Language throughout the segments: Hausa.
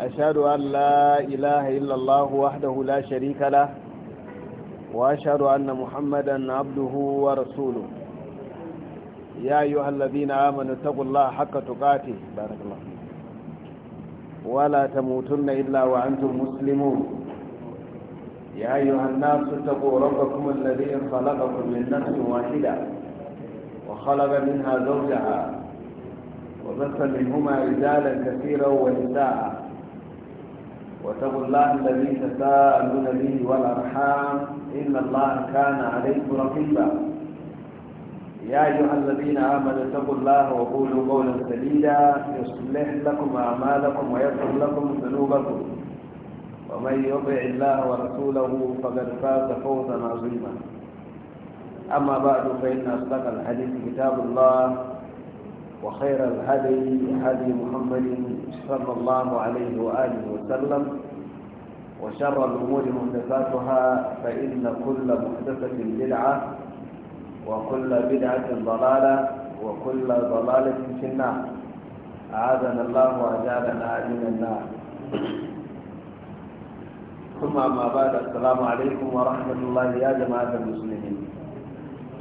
أشهد أن لا إله إلا الله وحده لا شريك له وأشهد أن محمدا عبده ورسوله يا أيها الذين آمنوا اتقوا الله حق تقاته بارك الله ولا تموتن إلا وأنتم مسلمون يا أيها الناس اتقوا ربكم الذي خلقكم من نفس واحدة وخلق منها زوجها وبث منهما رجالا كثيرا ونساء واتقوا الله الذي تساءلون به والارحام ان الله كان عليكم رقيبا يا ايها الذين امنوا اتقوا الله وقولوا قولا سديدا يصلح لكم اعمالكم ويغفر لكم ذنوبكم ومن يطع الله ورسوله فقد فاز فوزا عظيما اما بعد فان اصدق الحديث كتاب الله وخير الهدي هدي محمد صلى الله عليه وآله وسلم وشر الأمور محدثاتها فإن كل محدثة بدعة وكل بدعة ضلالة وكل ضلالة في النار أعاذنا الله وأجعلنا من النار ثم ما بعد السلام عليكم ورحمة الله يا جماعة المسلمين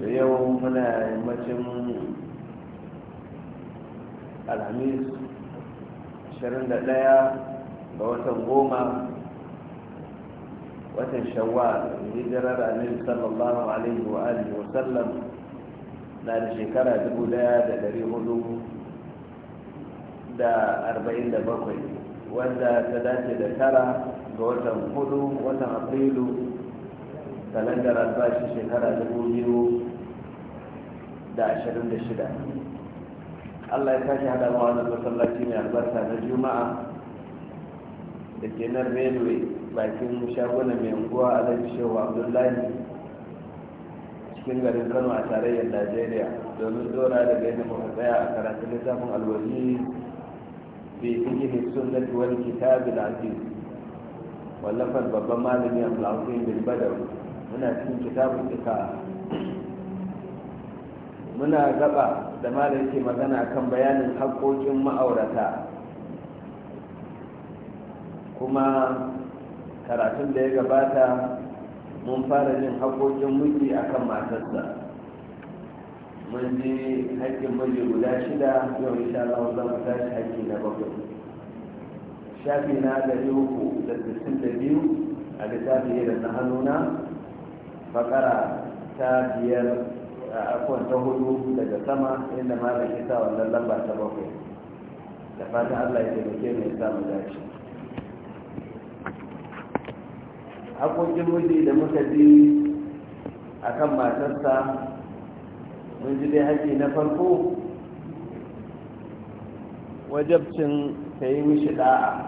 اليوم من alhamis 21 ga watan goma watan da hijirar annabi sallallahu alaihi wa alihi wa sallam na da shekara 1447 wanda ta dace da tara ga watan hudu watan afrilu kalandar albashi shekara 2026 allah ya tashi hada wa wannan masallaci mai albarka na juma'a da ke nan railway bakin shaguna mai unguwa a alhaji shehu abdullahi cikin garin kano a tarayyar najeriya domin dora da yadda muka tsaya a karatun littafin alwaji fi fikihi sunnati wal kitab da aziz wallafar babban malami abdul azim bin badar muna cikin kitabun ika muna gaba da malar ke magana kan bayanin haƙoƙin ma'aurata kuma karatun da ya gabata mun fara jin haƙoƙin miji akan matarsa mun ji haƙƙin miji guda shida yau insha Allah za mu tashi haƙƙi na bakwai shafi na ɗari uku da sittin da biyu a littafi irin na hannuna fakara ta biyar akwai ta hudu daga sama inda malam ya sa wannan lamba ta bakwai da fatan allah ya taimake mai samu dace hakokin miji da muka ji a kan matarsa mun ji dai haƙi na farko wajabcin ta yi mishi da'a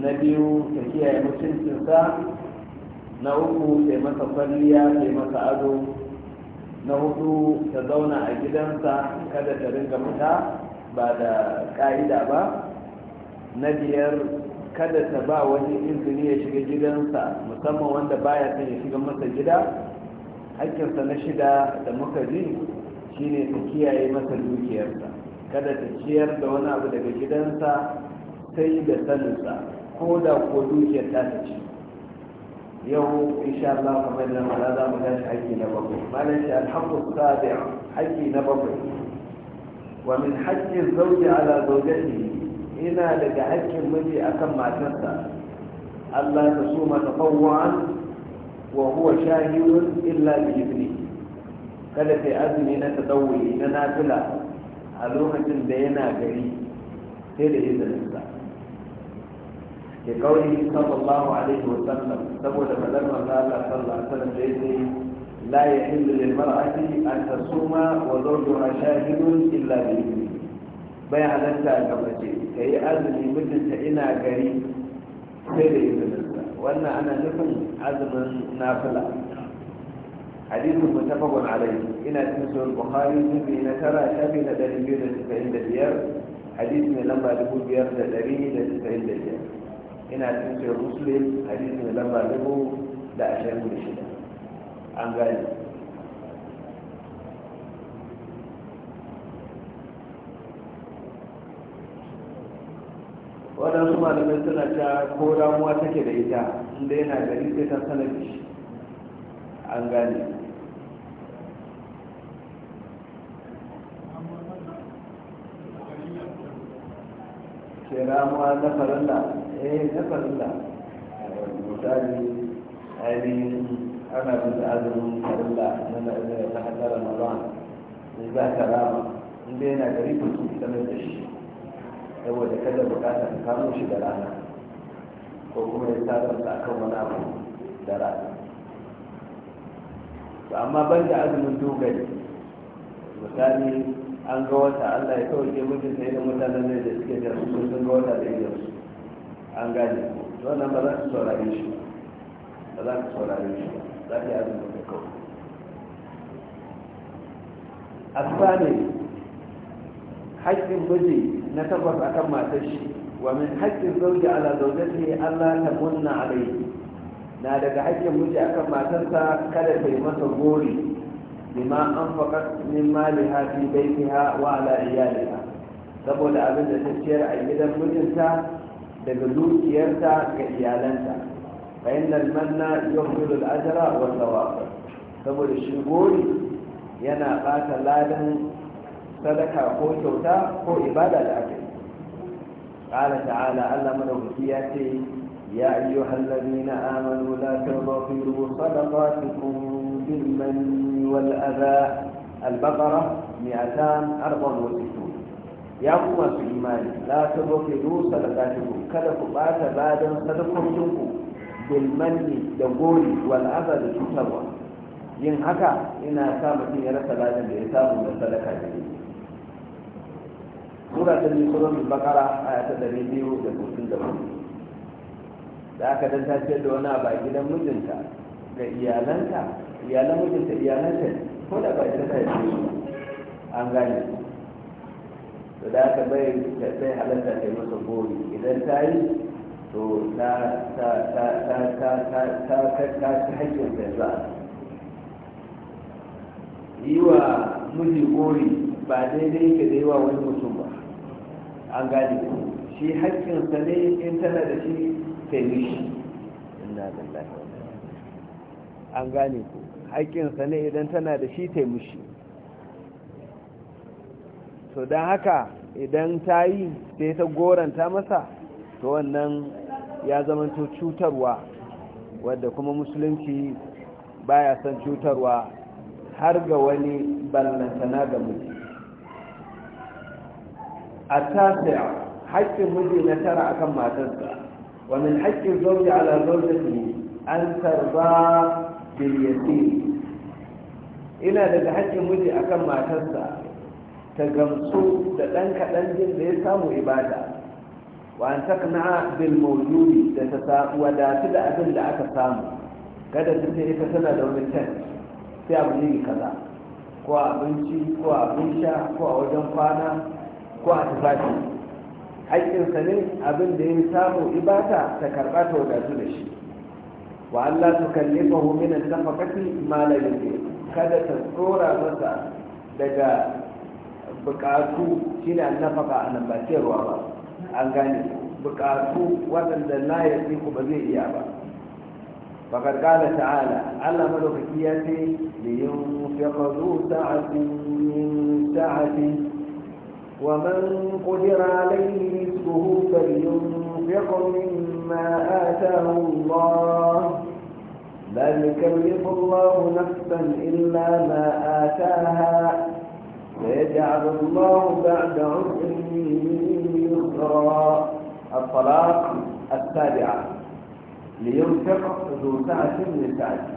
na biyu ta kiyaye mutuncinsa na uku ta masa kwalliya ta masa ado na hudu ta zauna a gidansa kada ta ringa fita ba da ƙa'ida ba na biyar kada ta ba wani izini ya shiga gidansa musamman wanda baya son ya shiga masa gida hakkinsa na shida da muka ji shine ta kiyaye masa dukiyarsa kada ta ciyar da wani abu daga gidansa sai da saninsa ko da ko dukiyar ta ta ci yau insha Allah kamar da mala za mu haƙƙi na bakwai malam shi alhamdu sabi' haƙƙi na bakwai wa min haƙƙin zauji ala zaujatihi ina daga haƙƙin miji akan matarsa Allah ta suma tafawwan wa huwa shahidun illa bi ibni kada kai azumi na tadawwi na nafila a lokacin da yana gari sai da izininsa ke kauri sallallahu alaihi wa sallam saboda madar manzo Allah sallallahu alaihi wa sallam da yake la yahillu lil mar'ati an tasuma wa zawjuha shahidun illa bi idni bai halatta ga mace kai azumi mijinta ina gari sai da izinin wannan ana nufin azumin nafila hadithu mutafaqun alayhi ina cikin sunan bukhari sun na tara shafi na 295 hadith mai lamba 5,595 ina cikin muslim na lamba dubu da ashirin da shida an gani waɗansu malamai suna ta ko damuwa take da ita inda yana gari sai ta sanar da shi an gani sai ramuwa na farilla eh na farilla misali ainihin ana bin da azumin farilla na hadar ramadan ne za ka rama inda yana gari ku su sanar da shi saboda kada bukata ta kamo shi da rana ko kuma ya tarar da akan wani abu da rana amma ban da azumin dogari misali an ga wata allah ya kawai ke mutum sai da mutanen da suke da su sun ga wata da idan su an gane wannan ba za ka saurare shi ba za ka saurare shi ba za ka yi abin da kawai ne haƙƙin miji na a kan matar shi wa min haƙƙin zauji ala zaujati allah ta munna alaihi na daga haƙƙin miji kan matarsa kada ta yi masa gori bima anfaqat min maliha fi baytiha wa ala iyaliha saboda abin da ta ciyar a gidan mijinta daga dukiyarta ga iyalanta fa manna yuhdilu al-ajra wa thawab saboda shi gori yana bata ladan sadaka ko kyauta ko ibada da aka yi qala ta'ala Allah madaukaki ya ce ya ayyuhal ladina amanu la tadhiru sadaqatukum بالمن والأذى البقرة 264 ya kuma su imani la da ɗafiku kada ku ɓata ladan sadakokinku bilmanni da gori wal'aza da cutarwa yin haka ina sa mutum ya rasa ladan da ya samu da sadaka da ne sura ta a biyu da da da aka dan da wani a gidan mijinta ga iyalanta iyalan mijinta iyalanta ne ko da ba ita ta yi an gane to da aka bai sai halatta ta yi masa gori idan ta yi to ta ta ta ta ta ta ta ta ta ta ta ta ta yi wa miji gori ba daidai ka da ta ta wani mutum ba an gane shi ta ne in tana da shi ta yi shi ta ta ta an gane ku haƙƙinsa ne idan tana da shi taimushi to don haka idan ta yi sai ta goranta masa to wannan ya zamanto cutarwa wadda kuma musulunci baya son cutarwa har ga wani ballantana ga mutu a tasir haƙƙin miji na tara akan matarsa haƙƙin a حق الزوج ne an tarba biliyar biliyar ina daga haƙƙin miji akan matarsa ta gamsu da ɗan kaɗan jin da ya samu ibada wa an takna bil mawjudi da ta wadatu da abin da aka samu kada ta ce ita tana da wani tent sai abu ne kaza ko a abinci ko a abin sha ko a wajen kwana ko a tufafi haƙƙinsa ne abin da ya samu ibada ta karɓa ta wadatu da shi wa Allah tukallifahu min al nafaqati ma la kada ta tsora masa daga bukatu shine annafaka a nan ba ciyarwa ba an gane bukatu waɗanda na ya ku ba zai iya ba fakar kala ta'ala allah madaukaki ya ce da yin fiƙazu sa'atin min sa'atin ومن قدر عليه رزقه فلينفق مما آتاه الله لا يكلف الله نفسا إلا ما آتاها سيجعل الله بعد عسر يسرا الطلاق التابعة لينفق ذو سعة من سعته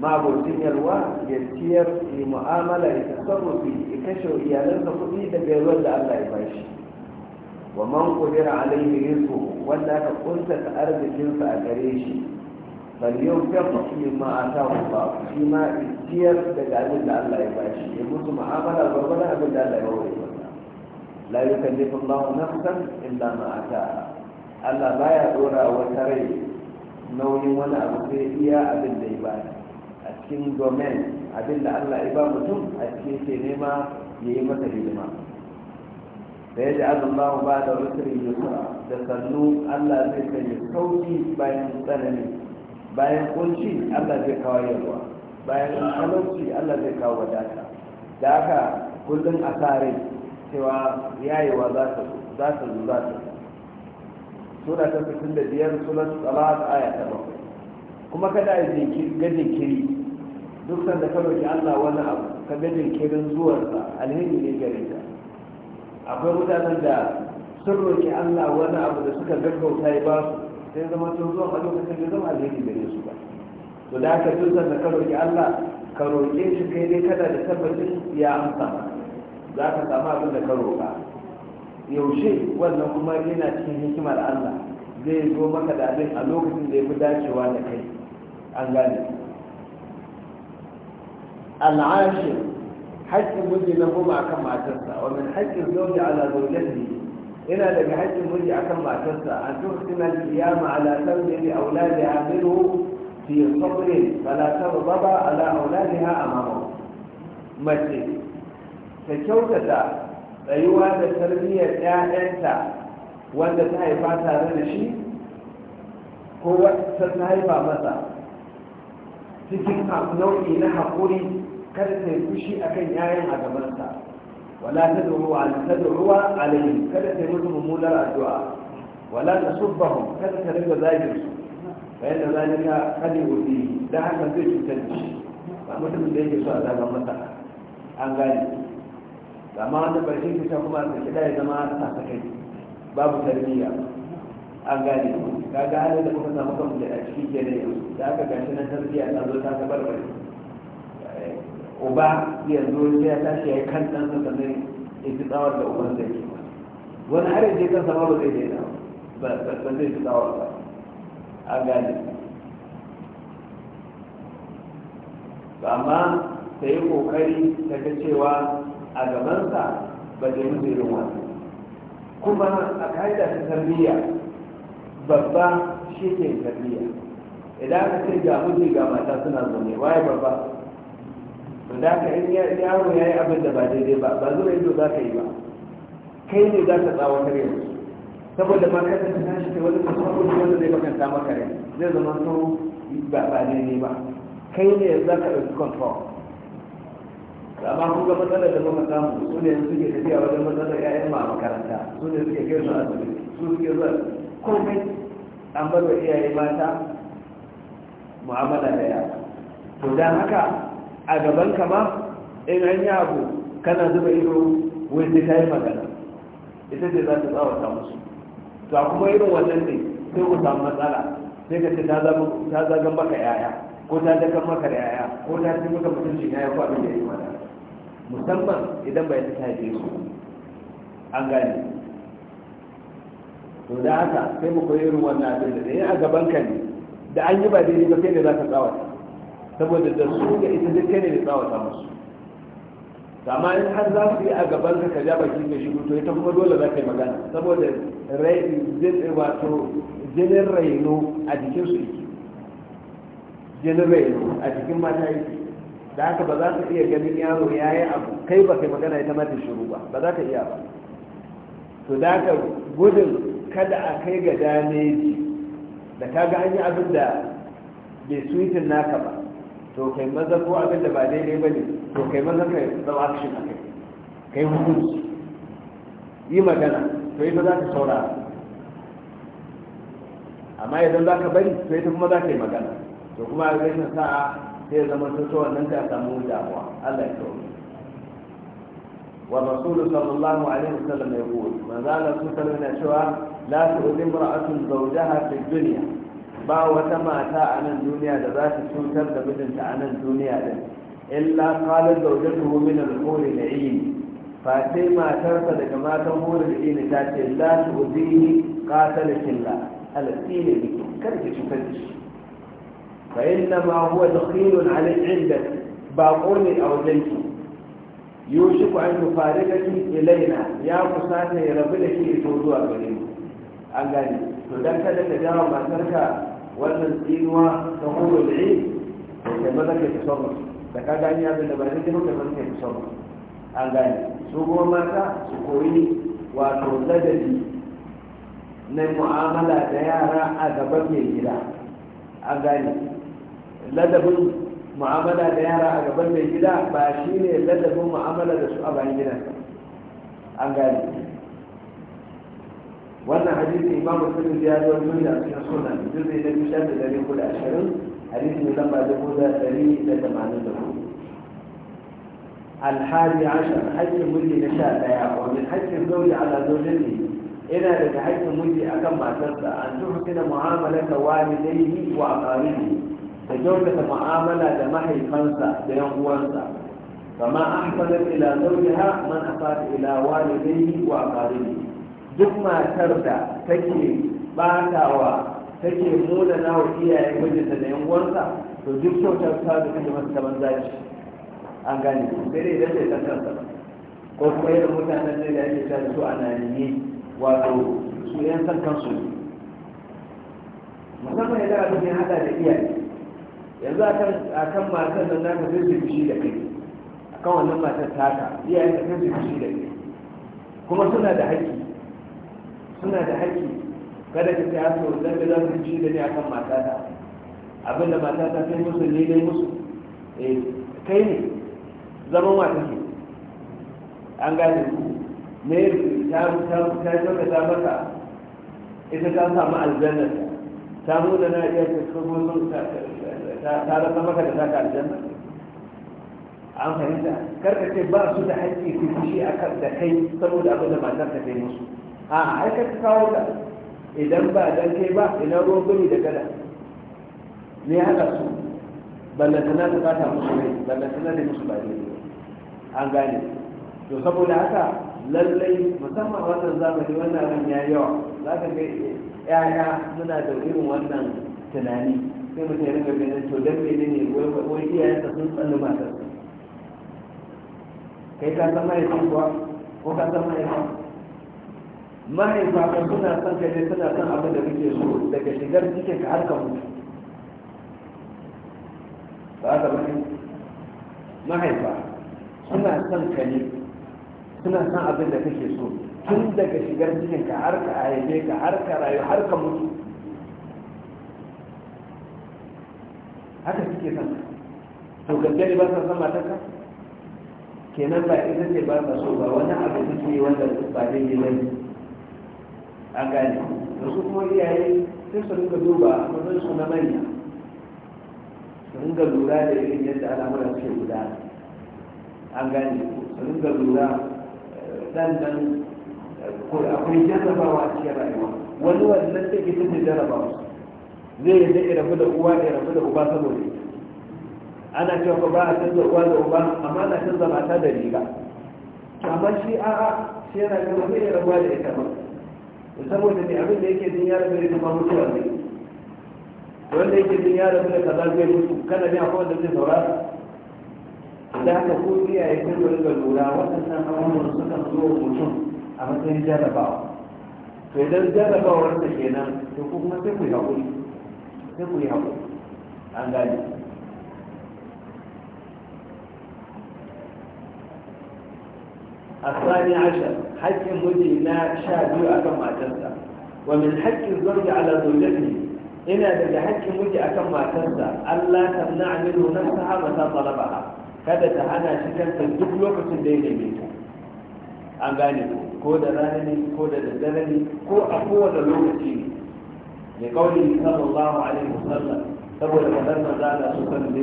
مع بوتين يلوى يسير في معاملة يتصرف فيه يكشف إيالنسا كل ده بيرد الله يباشي ومن قدر عليه رزقه ولا تقلت أرض جنس أجريشي bal yau kafa fi ma ata ba shi ma tiyar daga abin da Allah ya bashi ya mutu mu'amala gurbadan abin da Allah ya hore masa la yukallifu Allah nafsan illa ma ata Allah baya dora wata rai nauyin wani abu sai iya abin da ya bata a cikin domain abin da Allah ya ba mutum a cikin ke nema ya yi masa hidima da ya ji Allah ba da wata yusra da sannu Allah zai sanya sauki bayan tsanani bayan kunci allah zai kawo yawa bayan kalauci allah zai kawo wadata da haka kullum a tsare cewa yayewa za ta zo za ta zo za ta zo sura ta fitin da biyar tsala a tsaya ta bakwai kuma kada a gajin kiri duk sanda ka roki allah wani abu ka gajin kirin zuwansa alheri ne gare ka akwai mutanen da sun roƙi allah wani abu da suka gaggauta ya ba su sai zama to zuwa a lokacin da zama alheri gare su ba to da haka duk da ka roƙi Allah ka roƙe shi kai dai kada da tabbacin ya amsa za ka samu abin da ka roƙa yaushe wannan kuma yana cikin hikimar Allah zai zo maka da abin a lokacin da ya fi dacewa da kai an gane al'ashir haƙƙin miji na goma akan matarsa zaune a haƙƙin zauji ala zaujatihi yana daga haƙƙin miji akan matarsa a tuhsina al-qiyama ala tawdi auladiha minhu fi sabrin fala taghdaba ala auladiha amamahu mace ta kyautata tsayuwa da tarbiyyar ƴaƴanta wanda ta haifa tare da shi ko wata ta haifa masa cikin nau'i na haƙuri kada ta yi fushi akan 'ya'yan a gabansa ولا تدعوا على تدعوا عليهم كذا تموتوا مولى الدعاء ولا تصبهم كذا تلقى ذاكر فإن ذلك قد يؤذيه ده حتى في تنش فمتم ده يجي سؤال هذا متى عن غالي لما أنا برشين كشافما كده إذا ما تحتكي باب تربية an gane كذا halin da kuka samu kanku da a cikin kenan yanzu da aka gashi na tarbiyya ta zo uba ya zo sai ya tashi ya kan sa sanin ya ji tsawar da uban zai ke wani har yaje kansa ba zai na ba ba zai ji tsawar ba a gane ba amma ta yi kokari ta ga cewa a gaban sa ba zai mutu irin wani kuma a ka'ida ta tarbiyya babba shi ke tarbiyya idan aka ce ga mutu ga mata suna zaune waye babba to da haka yaro ya yi abin da ba daidai ba ba zuwa ido za ka yi ba kai ne za ka kare yau saboda ma kada ka tashi ta wani musamman wanda zai bakanta maka rai zai zama to ba ba daidai ba kai ne za ka ɗauki control amma ba ga matsalar da muka samu su ne suke tafiya wajen matsalar 'ya'yan ma a makaranta su ne suke kai su asibiti su suke zuwa komai an bar da iyaye mata mu'amala da yara to dan haka a gaban ka ma in an yi abu kana zuba ido wai sai ta yi magana ita ce za ta tsawata musu to a kuma irin wannan ne sai ku samu matsala sai ka ce ta zagan maka yaya ko ta dakan maka da yaya ko ta ce maka mutuncin 'ya'ya ko abin da ya yi mana musamman idan bai ta haife su an gane to da haka sai mu koyi irin wannan abin da ne a gaban ka ne da an yi ba daidai ba sai da za ka tsawata saboda da su ga ita duk kai ne da tsawata musu amma in har za su yi a gaban ka ja baki ga shi to ita kuma dole za ka yi magana saboda rai wato jinin raino a jikin su yake jinin raino a jikin mata yake da haka ba za ka iya ganin yaro ya yi abu kai ba kai magana ita mata shuru shiru ba ba za ka iya ba to da haka gudun kada a kai ga dameji da ka ga an yi abin da bai suitin naka ba to kai maza ko abin da ba daidai ba ne to kai maza ka zama action a kai kai hukunci yi magana to ta za ka saurara amma idan za ka bari to ta kuma za ka yi magana to kuma a rashin sa'a sai zama tsohon nan ta samu damuwa Allah ya kawo والرسول صلى الله عليه وسلم يقول ما زال رسول الله cewa لا تؤذي امرأة زوجها في duniya. ba wata mata a nan duniya da za ta cutar da mijinta a nan duniya din illa qalat zawjatuhu min al-huri al-ayn fa sai matarsa daga matan huri da ayn ta ce la tu'dini qatalakin la al-ayn kar ki cutar da shi fa inna ma huwa dakhilun alayhi inda ba qurni aw janki yushiku an yufarikaki ilaina ya kusa ta rabu da ke to zuwa gare mu an gane to dan kada ka jawo matarka wannan tsinuwa ta hulun yi da maza ke fi son da ka gani zai da bari zai taimaka ke fi son an gani su kuma mata su koyi wato ladabi na mu'amala da yara a gaban mai gida an gani ladabin mu'amala da yara a gaban mai gida ba shi ne ladabin mu'amala da su a bayan gidan an gani wannan hadisi imam muslim ya zo tun da cikin sunan juzi na biyu shafi dari hudu ashirin hadisi ne lamba dubu da dari da tamanin da الحادي عشر حج مجي نشاء ديا ومن حج الزوج على زوجته إلى لك حج مجي أكم ما تبدا أن تحسن معاملة والديه وأقاربه تجوزة معاملة دمحي خمسة بينقوانسة فما أحسنت إلى زوجها من أساءت إلى والديه وأقاربه duk matar da take batawa take nuna na wa iyayen mijinta da na yanguwarsa to duk kyautar ta da kake masa ta an gane sai dai idan bai san ba ko kuma yadda mutanen ne da ake ta su a nanini wato su yan san kansu musamman idan abin ya hada da iyaye yanzu a kan matar nan naka sai su shi da kai a kan wannan matar taka iyaye ka sai su shi da kai kuma suna da haƙƙi suna da haƙƙi kada ka ta haka wanda ka za su ci da ni akan matata abinda matata sai musu ne dai musu eh kai ne zaman wa take an gane ku me ta ta ta ta ta maka ita ta samu aljanna ta mu da na iya ta kuma sun ta ta ta maka da ta ka aljanna an fahimta karka ce ba su da haƙƙi su fushi akan da kai saboda abin da matar ta kai musu a aika ka kawo ta idan ba dan kai ba idan ruwan da gada ne haka su ballantana ta bata musu rai ballantana ne musu ba an gane to saboda haka lallai musamman wannan zamani wannan ran ya yawa za ka ga yaya muna da irin wannan tunani sai mutum ya rinka ganin to dan mene ne wai iyayensa sun tsalle matar kai ka san mahaifin kuwa ko ka san mahaifin mahaifa ka suna son ka ne suna son abin da kake so daga shigar cikin ka har ka mutu ba ka bane mahaifa suna son ka ne suna son abin da kake so tun daga shigar cikin ka har ka haife ka har ka rayu har ka mutu haka suke son to gaskiya ne ba sa son ka kenan ba ita ce ba sa so ba wani abu suke wanda ba daidai ba ne a gane da su kuma iyaye sai su rinka duba a su na manya su rinka lura da irin yadda al'amuran suke guda an gane su rinka lura eh, dan dan eh, akwai jarrabawa a cikin rayuwa wani wannan sai ke cikin jarrabawa zai yi zai rabu da uwa ya rabu da uba saboda ita ana cewa ko ba a canza uwa da uba amma ana canza mata da riga amma shi a'a shi yana ganin zai rabuwa da ita ba saboda ne abin da yake din ya rabu da kuma mutuwa ne wanda yake din ya rabu da kaza zai mutu kana ne akwai wanda zai saurara da haka ko iyaye sun ga riga lura waɗannan abubuwan suka zo mutum a matsayin jarrabawa to idan jarrabawar ta kenan to kuma sai ku yi haƙuri sai ku yi haƙuri an gane الثاني عشر حق مدينا شابي أكما تنسى ومن حق الزوج على زوجته إلى ذلك حق مدي أكما تنسى ألا تمنع منه نفسها متى طلبها kada ta hana shi kanta duk lokacin da ya neme ta an ko da rana ne ko da daddare ne ko a kowane lokaci ne da kauli sallallahu alaihi wasallam saboda kadar manzala su kan da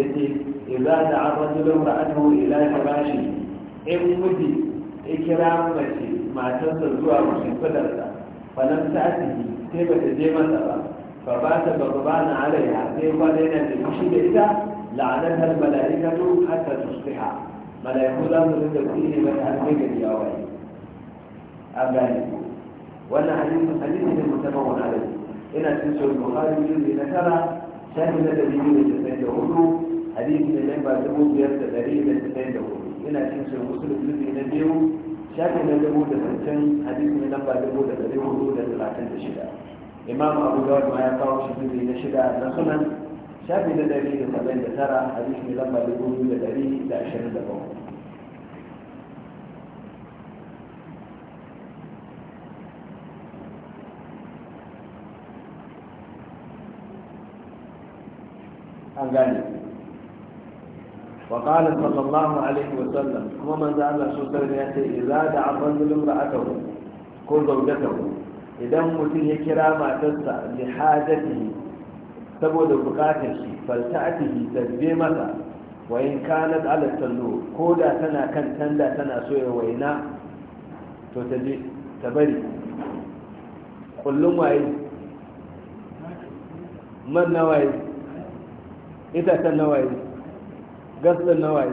yake in muti ya kira mace matarsa zuwa mashi kudarsa falon ta sai ba ta je masa ba fa ba ta ba ba na alaiya sai kwana yana da fushi da ita la'anar mala'ikatu hatta tusbiha mala'iku za su rinka tsine mata har sai gari ya waye an gane wannan hadisin hadisi ne musamman wani alaihi yana cin sau bukhari jirgi na tara shafi na dari biyu da casa'in da hudu hadisi ne ba dubu biyar da dari da casa'in da hudu ina cikin musulun zubi na biyu shafi na dubu da zancen hadisi na lamba dubu da dari hudu da talatin da shida imam abu dawud ma ya kawo shi zubi na shida na sunan shafi na dari da saba'in da tara hadisi na lamba dubu da dari da ashirin da bakwai an gane وقال صلى الله عليه وسلم كما من ذا الله شو سرنا إذا دعا رجل امرأته كل زوجته إذا متي كرام تسع لحاجته سبود بقاته فلتأته تدبيمة وإن كانت على التنور كودا تنا كان تندا تنا سوية وإناء تتجي تبري قل لهم man na waye itacen na gas ɗin nawaye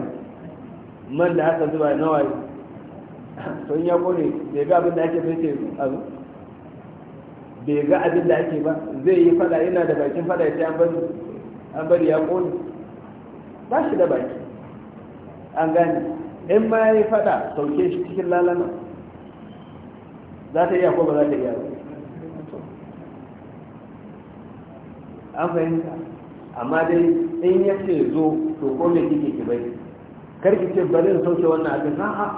man da haka zuba nawaye to in ya kone bai ga abin da ake fice a azu bai ga abin da ake ba zai yi fada yana da bakin fada ya ce an bari an bari ya kone ba shi da baki an gane in ma ya yi fada sauke shi cikin lalama za ta iya ko ba za ta iya ba an fahimta amma dai in ya ce zo to ko me kike ki bai kar ki ce bari na sauke wannan abin a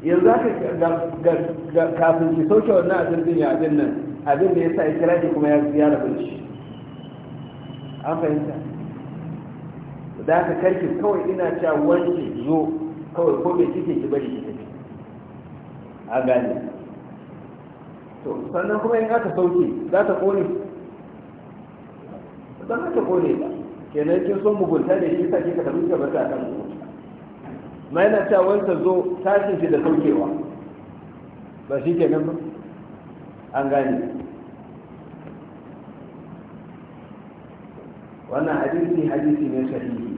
yanzu aka kafin ki sauke wannan abin din ya abin nan abin da ya sa ya kira ki kuma ya da shi an fahimta da aka karki kawai ina cewa wanki zo kawai ko me kike ki bari ki tafi a gane to sannan kuma in aka sauke za ta kone ba kone kenan kin so mugunta da shi sake ka tabbata ba ta kan ma yana cewa wanda zo tashin shi da saukewa ba shi kenan ba an gane wannan hadisi hadisi ne sahihi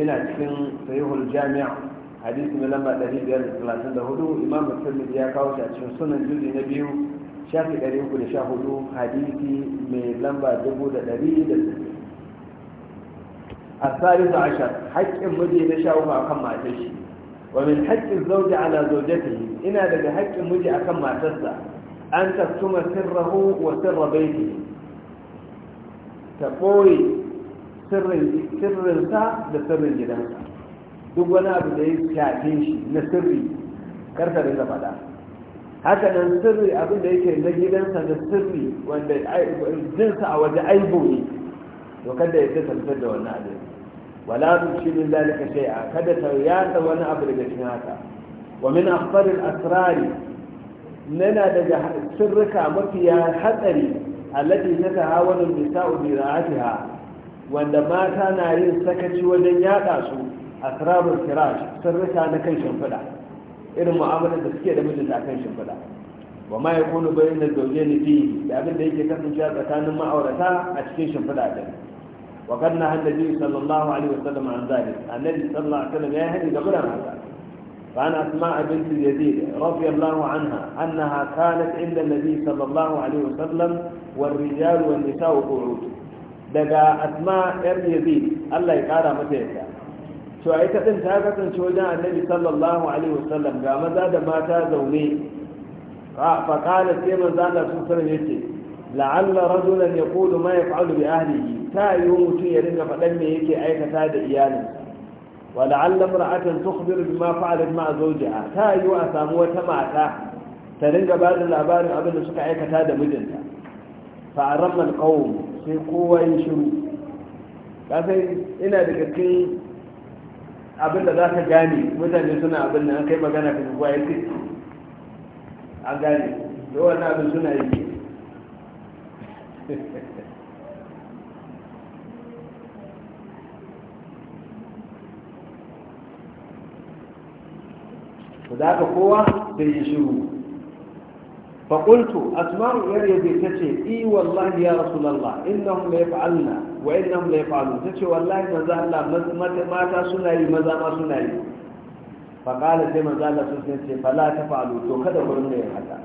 ina cikin sahihul jami'a hadisi mai lamba 534 imam musulmi ya kawo shi a cikin sunan juzi na biyu shafi 314 hadisi mai lamba 1600 a tsarisa ashar haƙƙin muje na shahuwa kan matar shi haƙƙin zauje ala zaujata yi ina daga haƙƙin miji a kan matarsa an tattuma sirrahu wa sirra baiti ta ɓoye sirrinsa da sirrin gidansa duk wani abu da ya shafi shi na sirri karsarin da faɗa. haka nan sirri abin da yake na gidansa da sirri wanda jinsa a waje aibu ne to kada ya fitar da wannan abin wala tushi min zalika shay'a kada ta yada wani abu daga cikin haka wa min akhbar al asrar nana daga sirrika mafiya hatsari allati tatahawanu nisa'u bi ra'atiha wanda mata na yin sakaci wajen yada su asrarul firash sirrika na kan shimfiɗa irin mu'amalar da suke da mijinta akan shimfiɗa wa ma yakunu bayyana zawjayn fihi da abin da yake kasancewa tsakanin ma'aurata a cikin shimfiɗa din wa kan na annabi sallallahu alaihi wasallam an zalik annabi sallallahu alaihi wasallam ya hadi gaburan haka فعن أسماء بنت يزيد رضي الله عنها أنها كانت عند النبي صلى الله عليه وسلم والرجال والنساء قعود دقا أسماء Allah ya kara يقارى yadda. to ita ta ta kasance wajen annabi sallallahu alaihi wasallam ga maza da mata zaune fa qala sai manzo Allah sun sanar yace la'alla rajulan yaqulu ma yaf'alu bi ahlihi ta yi mutum ya dinga faɗan me yake aikata da iyalinsa wa la'alla imra'atan tukhbiru ma fa'alat ma'a zawjiha ta yi a samu wata mata ta dinga ba da labarin abin da suka aikata da mijinta fa'aramma alqawm sai kowa ya shiru kasai ina da cikin abinda za ka gane mutane suna abin nan kai magana ka zuwa ya ce a gane yawan wannan abin suna yi da ka kowa da yi shiru kultu asmaru yar yabe ta ce iya wallahi ya rasulallah innahum la yaf'alna wa innam la yafalu ce wallahi manzo Allah mata suna yi maza ma suna yi fa kala sai manzo Allah sun ce fala faɗo to kada ku rinka yin haka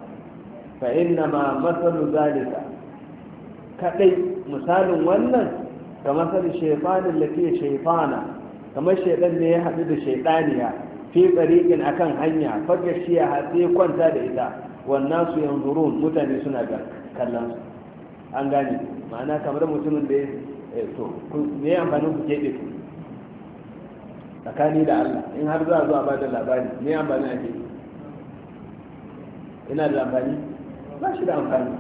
fa inna ma masalu zalika kadai misalin wannan ka masalin shaytanin ke shaytana kamar shaydan ne ya hadu da shaydaniya fi tsariƙin akan hanya fagar shi ya haɗe kwanta da ita wannan su yanzu mutane suna ga kallon an gane ma'ana kamar mutumin da ya Eh, to me amfanin ku keɓe ku tsakani da Allah in har za a zo ba da labari me amfani a keɓe ina da amfani ba shi da amfani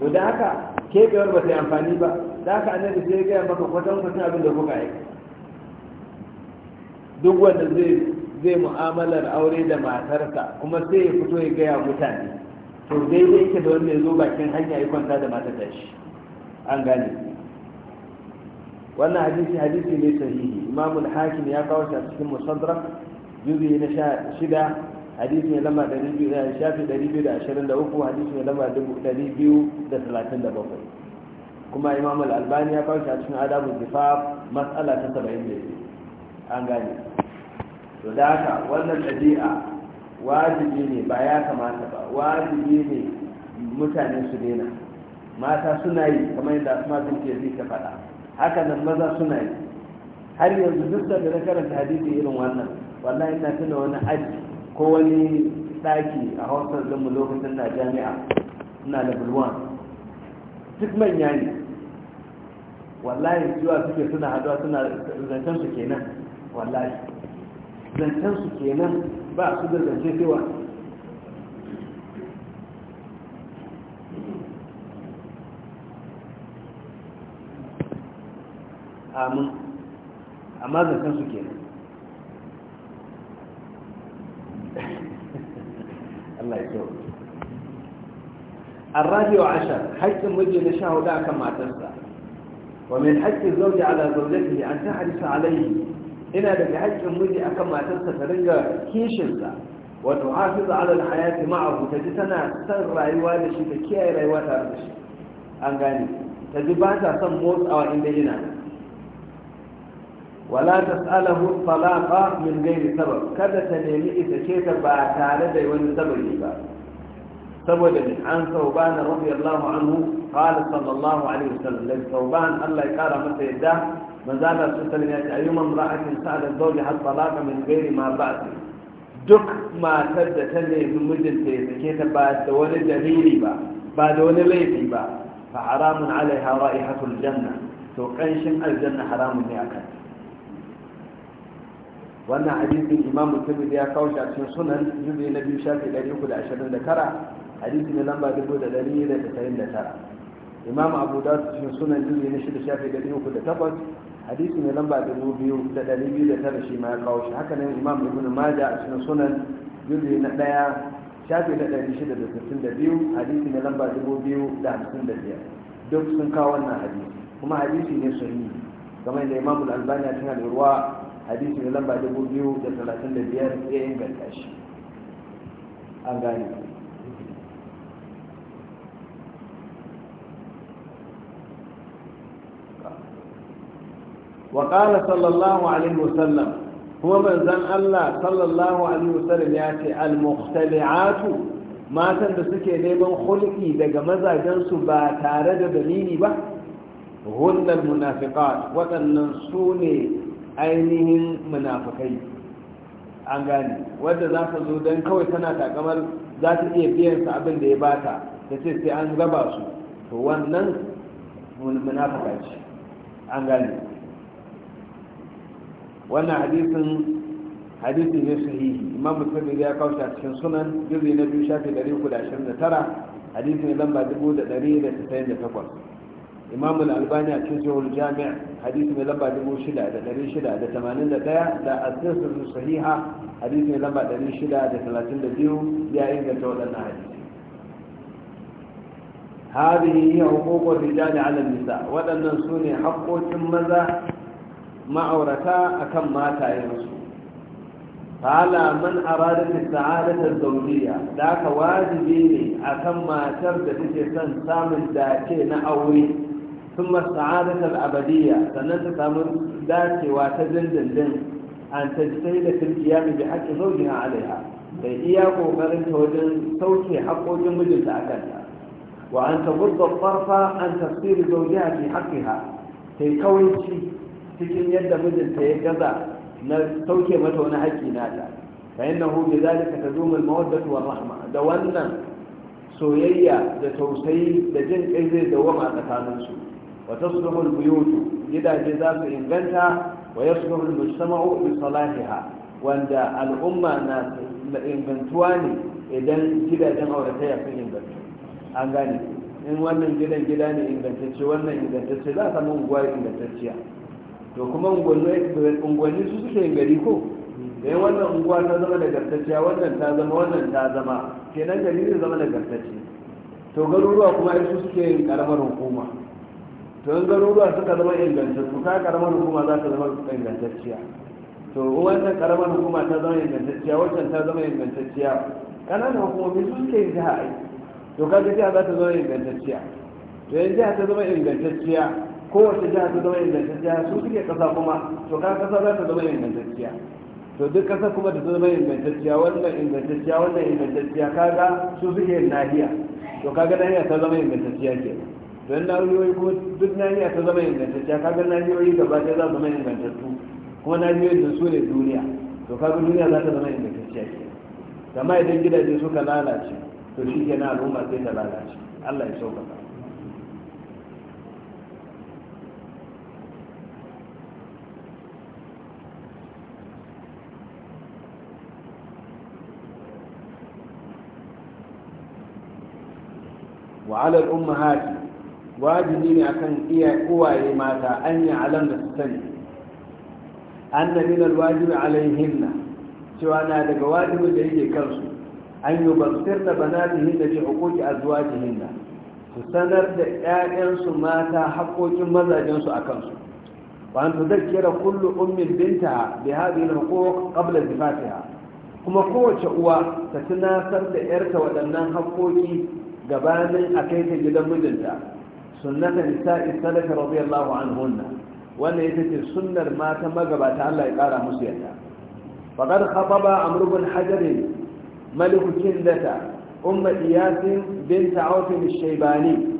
to da haka keɓewar ba sai amfani ba da haka annabi sai ya gaya maka kwatan kwatan abin da kuka yi duk wanda zai zai mu'amalar aure da matarsa kuma sai ya fito ya gaya mutane to daidai yake da wanda ya zo bakin hanya ya kwanta da matar shi an gane wannan hadisi hadisi ne sahihi imamu hakim ya kawo shi a cikin musadrak juzi na shida hadisi mai lamba eh, shafi 223 hadisi mai lamba 237 kuma imam al-albani ya kawo shi a cikin adabu zifaf matsala ta 72 an gane to da haka wannan ɗabi'a wajibi ne ba ya kamata ba wajibi ne mutane su daina mata suna yi kamar yadda asma bin ke zai ta faɗa haka nan maza suna yi har yanzu duk da na karanta hadisi irin wannan wannan ina tuna wani aji ko wani daki a hostel ɗinmu lokacin na jami'a ina da bulwan duk manya ne wallahi zuwa suke suna haduwa suna zancen su kenan wallahi zancen su kenan ba su da zance sai amin amma zancen su kenan Allah ya kyau الرابع عشر حق مجي نشاه ذاك ما تنسى ومن حق الزوج على زوجته أن تحرص عليه إنا لك حق مجي أكا ما تنسى ترنجا كيشنسا وتحافظ على الحياة معه تجتنا سر رأيوان شيء كي رأيوان تردش سموت أو إندينا wala tas'alahu talaqa min ghairi sabab kada ta nemi ita keta ta ba tare da wani sababi ba saboda min an sauban radiyallahu anhu qala sallallahu alaihi wasallam da sauban Allah ya kara masa yadda manzo Allah sallallahu alaihi wasallam ya ce ayyuma imra'atin sa'ala zawjaha talaqa min ghairi ma ba'th duk matar da ta nemi mijinta ya sake ta ba da wani dalili ba ba da wani laifi ba fa haramun alaiha ra'ihatul janna to kanshin aljanna haramun ne akan wannan hadisin imam mutum ya kawo shi a cikin sunan juzi na biyu shafi ɗari uku da ashirin da tara hadisi na lamba dubu da ɗari da tasa'in da tara imam abu da cikin sunan juzi na shida shafi ɗari uku da takwas hadisi na lamba dubu biyu da ɗari biyu da tara shi ma ya kawo shi haka nan imam ibn maja a cikin sunan juzi na ɗaya shafi na ɗari shida da sittin da biyu hadisi na lamba dubu biyu da hamsin da biyar duk sun kawo wannan hadisi kuma hadisi ne sun yi kamar da imam al-albani a cikin al'urwa hadisi na lamba dubu biyu da talatin da biyar ya inganta shi an gane wa ƙara sallallahu alaihi wasallam kuma manzan Allah sallallahu alaihi wasallam ya ce al-muqtali'atu matan da suke neman hulki daga mazajensu ba tare da dalili ba hunnal munafiqat waɗannan su ne ainihin munafukai an gane wadda za ta zo don kawai tana takamar za ta iya biyan sa abin da ya bata ta ce sai an raba su to wannan munafuka ce an gane wannan hadisin hadisi ne sahihi imam muslim ya kawo a cikin sunan jirgi na biyu shafi 329 hadisi ne lamba 1998 imam al-albani a cikin jami'a hadisi mai lamba 6,681 da asirin sahiha hadisi mai lamba 632 ya inganta waɗannan hadisi هذه yi حقوق الرجال على النساء waɗannan sune haƙoƙin maza ma'aurata akan matayensu hala man aradun sa'adata zawjiyya da ka wajibi ne kan matar da take son samun dace na aure ثم السعادة الأبدية سنن تسامر ذات واتدن دندن أن تجتهد في القيام بحق زوجها عليها إياك وقرن توجن صوتي حق جمجل تأكلها وأن تغض الطرف عن تفسير زوجها في حقها في كويتي تكن يد مجل تيكذا صوتي متون حقي ناتا فإنه بذلك تدوم المودة والرحمة دوانا soyayya da tausayi da jin kai zai dawama tsakaninsu wa tasluhu al-buyut gidaje za su inganta wa yasluhu al-mujtama'u bi salahiha wanda al'umma na ingantuwa ne idan gidajen auratayya sun inganta an gane in wannan gidan gida ne ingantacce wannan ingantacce za a samu unguwa ingantacciya to kuma unguwanni su suke gari ko da eh, wannan unguwa ta zama nagartacciya wannan ta zama wannan ta zama kenan gari zai zama nagartacce to garuruwa kuma su suke yin karamar hukuma to in garuruwa suka zama ingantattu ta karamar hukuma za ta zama ingantacciya to wancan karamar hukuma ta zama ingantacciya wancan ta zama ingantacciya kanan hukumomi su suke yin jiha ai to kaga jiha za ta zama ingantacciya to yan jiha ta zama ingantacciya kowace jiha ta zama ingantacciya su suke ƙasa kuma to ka ƙasa za ta zama ingantacciya to duk ƙasa kuma da ta zama ingantacciya wannan ingantacciya wannan ingantacciya kaga su suke nahiya to kaga nahiya ta zama ingantacciya kenan don nahiyoyi kuma duk nahiya ta zama ingantacciya kaga nahiyoyi gaba ɗaya za su zama ingantattu kuma nahiyoyin da su ne duniya to kaga duniya za ta zama ingantacciya ke kama idan gidaje suka lalace to shi ke na al'umma sai ta lalace allah ya sauƙaƙa وعلى الأمهات wajibi ne akan iya uwaye mata an yi alam da su sani an na minar wajibi alaihinna cewa na daga wajibi da yake kansu an yi basir da banatihin da ke hukuki a zuwa hinna su sanar da 'ya'yansu mata haƙoƙin mazajensu a kansu وأن تذكر كل Ummin Binta, بهذه الحقوق Qabla fatiha kuma kowace uwa ta tunasar da ‘yarta waɗannan haƙoƙi gabanin a kai ta gidan mijinta sunnata nisa'i salaf radiyallahu anhunna wannan ita ce sunnar mata magabata Allah ya kara musu yadda faqad khataba amr ibn hajar malik kindata umma iyas bint auf al-shaybani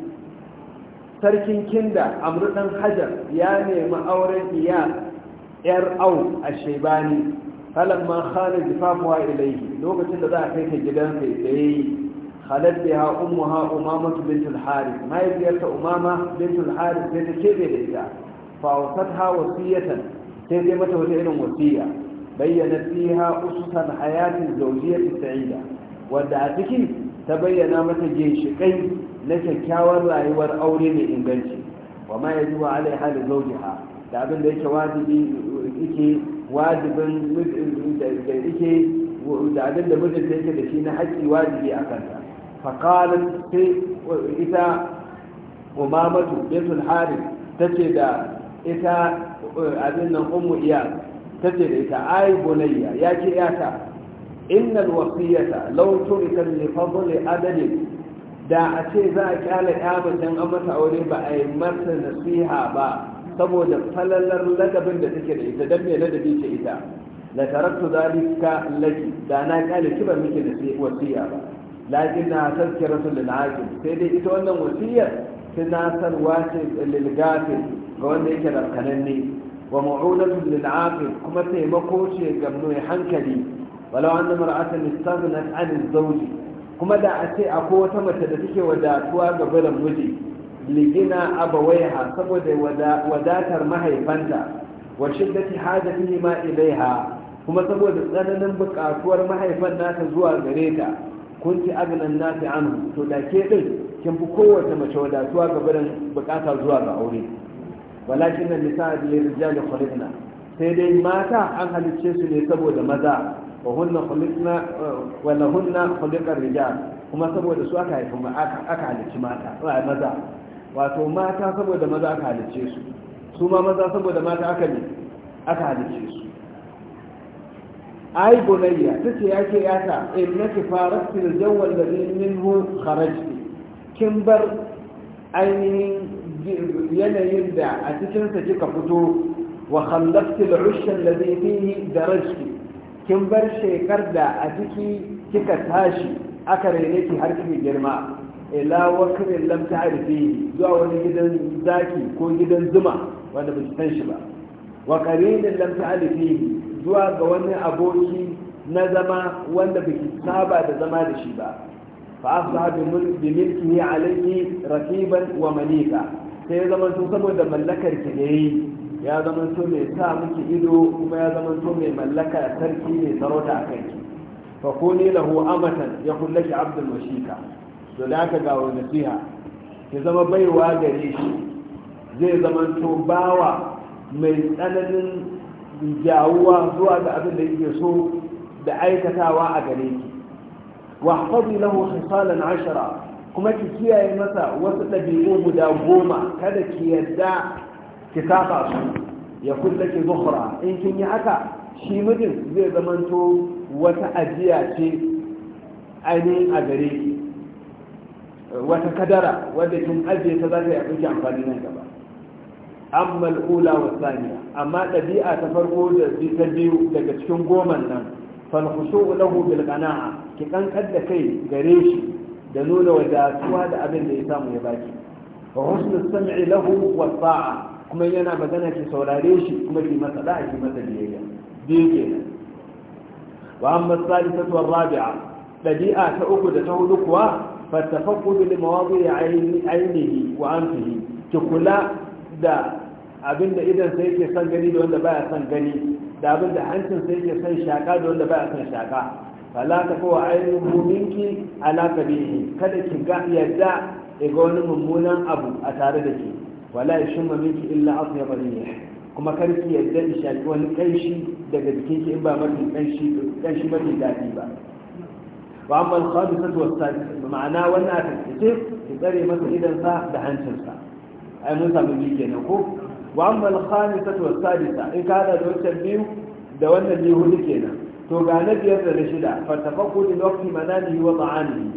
sarkin kinda amr dan hajar ya nemi auren iya yar au al-shaybani falamma khana zifafuha ilayhi lokacin da za a kai ta gidansa sai halar da ya umu ha umama su bin tulhari mahaifiyarta umama bin tulhari sai ta kebe da ita fawasat ha wasiyyatan sai dai mata wata irin wasiyya bayyana fiha usutan hayatin zawjiyar sa'ida wanda a ciki ta bayyana mata ginshiƙai na kyakkyawar rayuwar aure mai inganci wa ma ya zuwa alai hali zawjiha da abin da yake wajibi yake wajibin da yake da abin da da shi na hakki, wajibi a kanta faƙalin sai ita umamatu bintul harin ta ce da ita abin nan ummu iya ta ce da ita ai bunayya ya ce ya ta innal wasiyata law turika li fadli adadin da a ce za a kyale ya dan an masa aure ba a yi masa nasiha ba saboda falalar ladabin da take da ita dan me ladabi ce ita la taraktu zalika laki da na kyale kiban miki da wasiya ba lakinna tazkiratu lil aqil sai dai ita wannan wasiyar tunatarwa ce lil gafil ga wanda yake rakananne kananne wa mu'unatu lil kuma taimako ce ga mai hankali walau anna mar'atan istaghnat 'an az-zawj kuma da a ce akwai wata mace da take wadatuwa ga barin miji ligina abawaiha saboda wadatar mahaifanta wa shiddati hajatihi ma ilaiha kuma saboda tsananin buƙatuwar mahaifan nata zuwa gare ta Kun ci agnan nasi an to da ke din kin fi kowace mace zuwa ga barin bukata zuwa ga aure walakin na nisa da rijal khuliqna sai dai mata an halicce su ne saboda maza wa hunna khuliqna wa lahunna khuliqar rijal kuma saboda su aka haifi aka halicci mata maza wato mata saboda maza aka halicce su su ma maza saboda mata aka ne aka halicce su ai bunayya tace ya in yata innaki farasti al-jawwa alladhi minhu kharajti kin bar ainihin yanayin da a cikin sa kika fito wa khallafti al-ushsh alladhi fihi darajti kin bar shekar da a ciki kika tashi aka rene ki har kika girma ila wakrin lam ta'rifi zuwa wani gidan zaki ko gidan zuma wanda ba san shi ba wa qarin lam ta'rifi zuwa ga wani aboki na zama wanda baki saba da zama da shi ba fa asbaha bi milkihi alayhi rakiban wa malika sai ya zama to saboda mallakar ki da yi ya zama to mai sa miki ido kuma ya zama to mai mallaka sarki mai sarauta a kanki fa kuni lahu amatan ya kullaki abdul mashika to da ka ga wani nasiha ki zama baiwa gare shi zai zama to bawa mai tsananin jawuwa zuwa ga abin da yake so da aikatawa a gare ki wa hafazi lahu khisalan ashara kuma ki kiyaye masa wasu ɗabi'u guda goma kada ki yadda ki saba su ya kulla ki zuhra in kin yi haka shi mijin zai zamanto wata ajiya ce ainihin a gare ki wata kadara wadda kin ajiye ta za ta yi amfani nan gaba amma al'ula wa saniya amma ɗabi'a ta farko da ta biyu daga cikin goman nan falhushu lahu bil qana'a ki kankar da kai gare shi da nuna wadatuwa da abin da ya samu ya baki wa husnu sam'i lahu wa ta'a kuma yana magana ki saurare shi kuma ki masa da'a ki masa biyayya biyu kenan wa amma salisatu war rabi'a ɗabi'a ta uku da ta hudu kuwa fatafaqu bil mawadi'i ainihi wa anfihi ki kula da abinda idan sai yake son gani da wanda baya son gani da abinda hancin sai yake son shaka da wanda baya son shaka fala ta kowa ainihin minki ala kabihi kada ki ga yadda ga wani mummunan abu a tare da ke, wala shimma miki illa atyaba rih kuma kar ki yadda in shaƙi wani ƙanshi daga jikin ki in ba mafi ƙanshi mafi daɗi ba wa amma alkhadu ta tuwasta ma'ana wannan a tattace ki tsare masa sa da hancinsa ai mun samu bi kenan ko wa amma al-khamisatu was-sadisa in ka da wancan biyu da wannan biyu hudu kenan to ga na biyar da na shida fa tafakku li waqti manamihi wa ta'amihi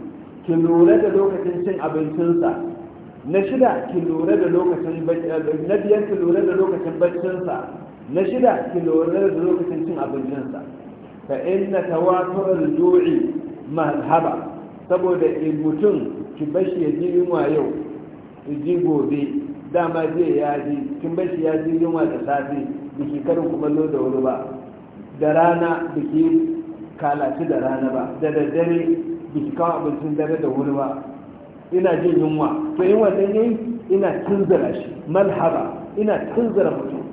ki lura da lokacin cin abincinsa na shida ki lura da lokacin na biyar ki lura da lokacin baccinsa na shida ki lura da lokacin cin abincinsa fa inna tawaturul du'i mahaba saboda in mutum ki bashi ya ji yunwa yau ji gobe dama zai ya ji kin bashi ya ji yunwa da safe biki karin kumallo da wuri ba da rana biki kalaci da rana ba da daddare biki kawo abincin dare da wuri ba ina jin yunwa to yunwa dan yayi ina tunzura shi malhaba ina tunzura mutum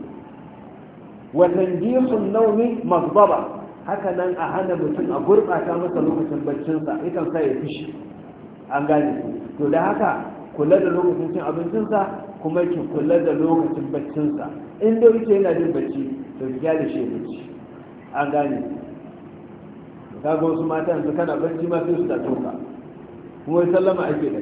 wannan jihun naumi mazbaba haka nan a hana mutum a gurɓata masa lokacin baccinsa yakan sa ya fishi an gane to da haka kula da lokacin cin abincinsa kuma ki kula da lokacin baccinsa in da wuce yana jin bacci to ki da shi bacci an gane ka ga wasu mata yanzu kana bacci ma sai su ta toka kuma sallama ake da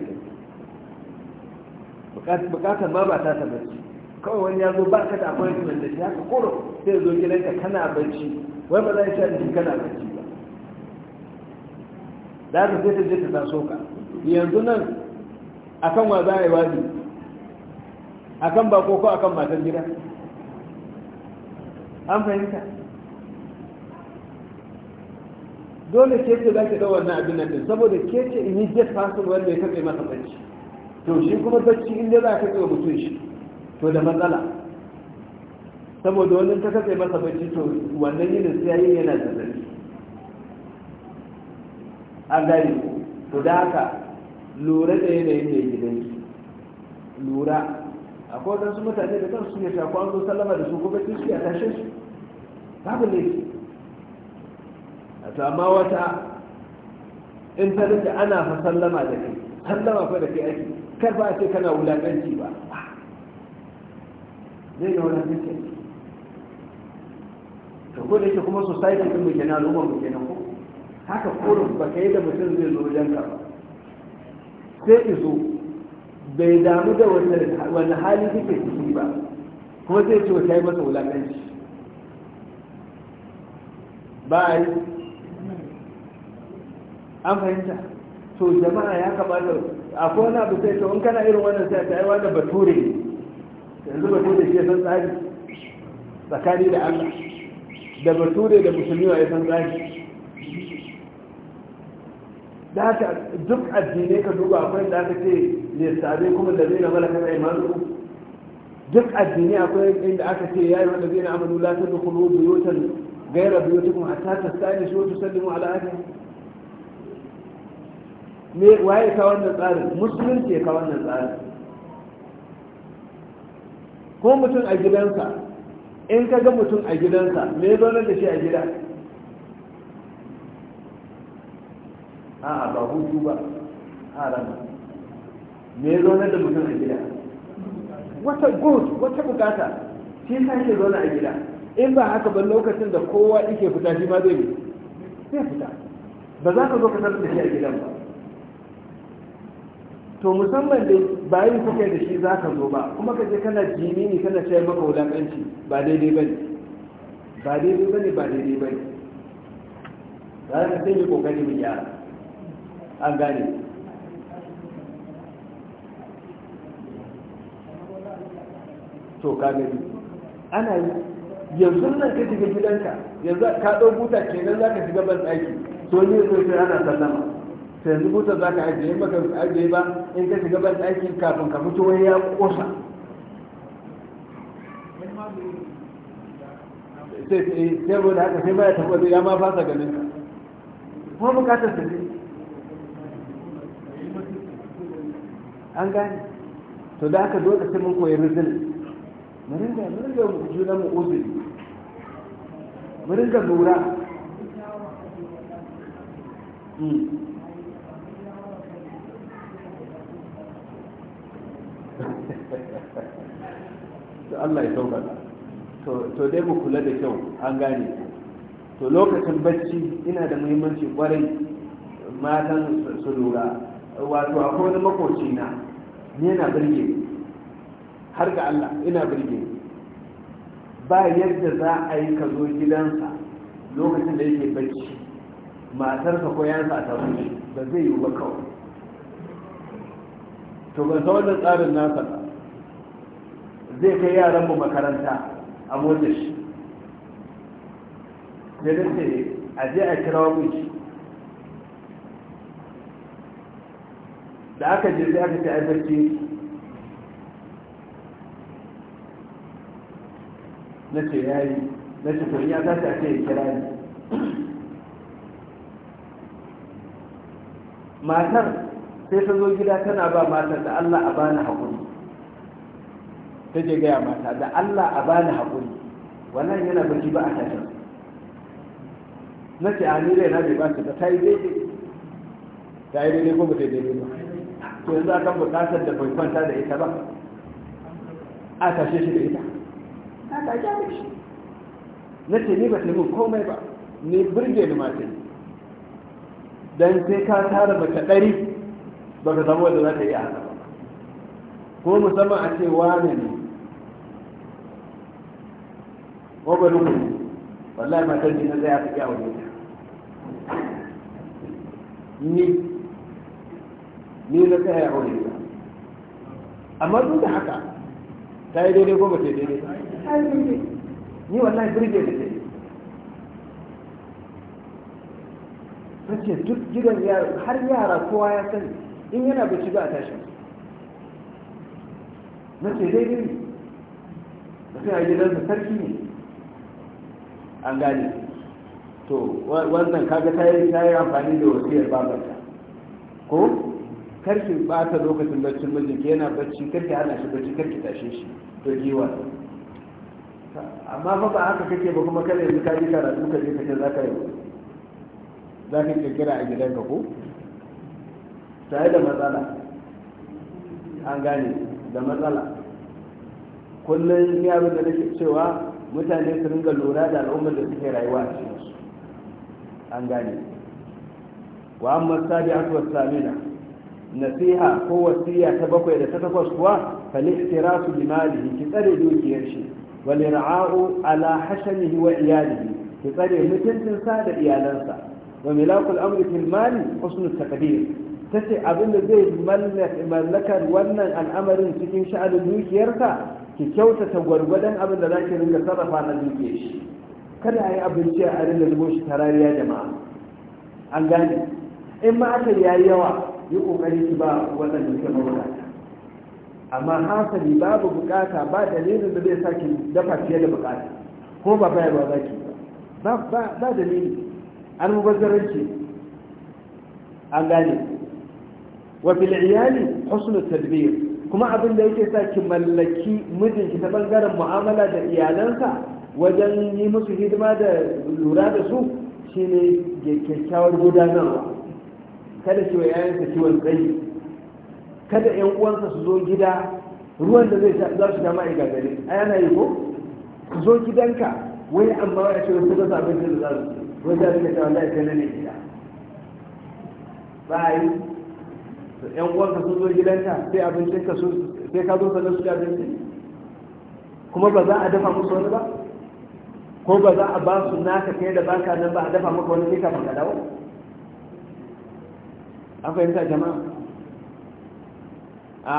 kai bukatar ma ba ta ta bacci kawai wani ya zo ba ka da appointment da shi haka koro sai zo ka kana bacci wai ba za ka ji kana bacci ba da haka sai ta je ta taso ka yanzu nan akan wa za a yi wajibi akan bako ko akan matan gida an fahimta dole ke ce za ki ga wannan abin nan din saboda ke ce in yi jet fasin wanda ya kaɗe masa bacci to shi kuma bacci inda za ka wa mutum shi to da matsala saboda wannan ta kaɗe masa bacci to wannan yinin sai yi yana zazzabi an gari to da haka lura da yanayin da ya gidanki lura akwai wadansu mutane da kansu ne shafi an zo sallama da su kuma su a tashe su babu ne a sama wata in ta rike ana fa sallama da kai sallama fa da kai ake kar ba a ce kana wulaƙanci ba zai ga wani to ko da yake kuma su da din mu kenan al'umma mu kenan ko haka kurum ba kai da mutum zai zo wajen ka ba sai izo bai damu da wani hali take ciki ba kuma zai ce wata yi masa wulaƙanci ba a yi an fahimta to jama'a ya kamata a wani abu sai to in kana irin wannan sai ta yi wani bature yanzu bature shi ya san tsari tsakani da allah da bature da musulmi wa ya san tsari da haka duk addinai ka duba akwai da aka ce ليستعديكم الذين ملكت ايمانكم duk addini akwai inda aka ce ya yi wanda zai na amalu la ta dukulu buyutan gaira buyutukum a ta sani shi wata sallimu ala ahli me waye ka wannan tsarin musulunci ka wannan tsarin ko mutum a gidansa in ka ga mutum a gidansa me zaunar da shi a gida a'a ba hutu ba a ranar me ya zaune da mutum a gida wata good wata bukata shi sa ke zaune a gida in ba haka ba lokacin da kowa yake fita shi ma zai ne zai fita ba za ka zo ka san da shi a gidan ba to musamman dai bayan kuka da shi za ka zo ba kuma ka je kana jini ne kana shayar maka wulaƙanci ba daidai ba ne ba daidai ba ne ba daidai ba ne za ka sai yi ƙoƙari mai gyara an gane to ka gani ana yi yanzu nan ka shiga gidanka yanzu ka ɗau buta kenan za ka shiga ban aiki to ni yanzu sai ana sallama sai yanzu buta za ka ajiye maka ajiye ba in ka shiga ban aiki kafin ka fito wani ya ƙosa sai da haka sai baya tabbata ya ma fasa ganin ka kuma bukatar ta ce an gane to da haka dole sai mun koyi rizal mu ringa mu ringa mu juna mu uzuri mu ringa lura hmm. to Allah ya sauka to dai mu kula da kyau an gane to lokacin bacci ina da muhimmanci kwarai matan su lura wato akwai wani makoci na ni yana birge har ga Allah ina birge ba yadda za a yi ka zo gidansa lokacin da yake bacci matarsa ko yansa a tafi ba zai yi ba kawai to ban san wannan tsarin nasa ba zai kai yaran mu makaranta a mota shi da ce a je a kira wani da aka je sai aka ce ai na ce ya yi na ce to ya tashi ta ce kira ni matar sai ta zo gida tana ba matar da Allah a bani haƙuri ta je gaya mata da Allah a bani haƙuri wannan yana baki ba a tashin na ce a ni na bai ba su ta yi daidai ta yi daidai ko ba ta yi daidai ba to yanzu akan bukatar da bai kwanta da ita ba a tashe shi da ita ta ka gyara shi na ce ni ba ta yi komai ba ni birge ni mata yi dan sai ka tara mace ɗari ba ka samu wanda za ta yi a haka ba ko musamman a ce wane ne ko ba ne, wallahi matar ne na zai aka iya ne. ni ni na tsaya a wani amma duk da haka ta yi daidai ko ba ta yi daidai ni wallahi birge da dai ta ce duk gidan har yara kowa ya sani in yana bai shiga a tashi na ce daidai ne mutum a da sarki ne an gane to wannan kaga ta yi amfani da wasiyar babarta ko karki bata lokacin baccin ke yana bacci karki hana shi bacci karki tashe shi to giwa amma fa ba haka kake ba kuma kada yanzu ka ji karatu ka je ka ce zaka yi za ka kira a gidanka ko tare da matsala an gane da matsala kullum ya abin da nake cewa mutane su ringa lura da al'ummar da suke rayuwa a cikin su an gane wa amma sabi atu wasamina nasiha ko wasiya ta bakwai da ta takwas kuwa falihtirasu bi malihi ki tsare dukiyar shi wal ra'au ala hashanihi wa iyalihi ki tsare mutuncin sa da iyalansa wa milakul amri fil mali husnul taqdir tace abin da zai mallakar wannan al'amarin cikin sha'anin dukiyarsa ki kyautata gwargwadon abin da zaki ringa sarrafa na dukiyar shi kada a yi abinci a ringa zubo shi tarariya jama'a an gane in ma aka yayi yawa yi kokari su ba waɗanda suke mabukata amma hasali babu bukata ba dalilin da zai sa ki dafa fiye da bukata ko ba baya ba zaki ba ba dalili an mubazzaranci an gane wa fil iyali husnul tadbir kuma abin da yake sa ki mallaki mijinki ta bangaren mu'amala da iyalansa wajen yi musu hidima da lura da su shine kyakkyawar gudanarwa kada shi ciwon yayansa ciwon kai, kada yan uwansa su zo gida ruwan da zai za su dama a gagare a yana yi ko su zo gidanka wai amma ya ce wasu gasa abinci da za su wai za su ka ta wanda ya nan gida ba yi yan uwanka zo gidanka sai abincinka sai ka zo sannan su ga abinci kuma ba za a dafa musu wani ba ko ba za a ba su naka kai da baka nan ba a dafa maka wani sai ka maka dawo an fahimta jama'a a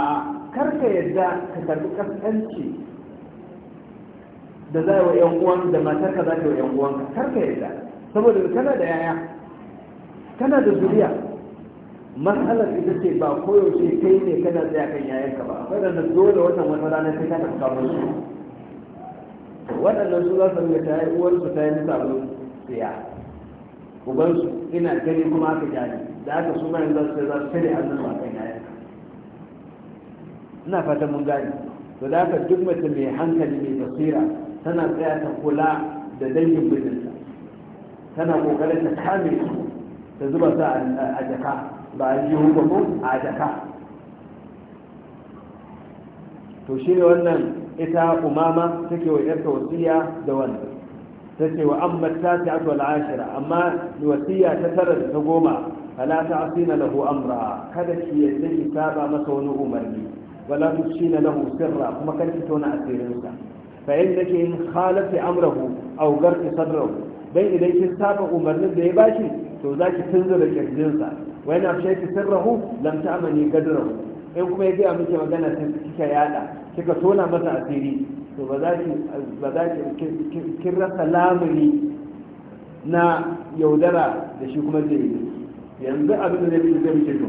karka yadda ka karbi kaskanci da za wa yan uwan da matar ka za ta wa yan uwanka karka yadda saboda kana da yaya kana da zuriya matsalar ita ce ba koyaushe kai ne kana tsaya kan yayanka ba akwai da dole wannan wata rana sai ka kawo su waɗannan su za su rinka ta yi uwarsu ta yi musu abin siya ubansu ina gani kuma aka jani da aka suna yin za su za su tare hannun su a kan yayan ina fatan mun gane to da aka duk mace mai hankali mai basira tana tsaya ta kula da dangin mijinta tana kokarin ta kame su ta zuba su a jaka ba a ji ko a jaka to shi ne wannan ita umama take wa yarta wasiya da wannan ta ce wa amma ta ta ashira amma wasiya ta tara da ta goma fala ta'sina lahu amra kada ki yadda ki saba masa wani umarni wala tushina lahu sirra kuma kada ki tona asirin sa fa innaki in khalafi amrahu aw garti sadrahu dan idan kin saba umarnin da ya bashi to zaki tunzura kirjin sa wa yana shaki sirrahu lam ta'mani gadrahu in kuma ya gaya miki magana ta kika yada kika tona masa asiri to ba za ki rasa lamuni na yaudara da shi kuma zai yi yanzu abin da zai fi zai fi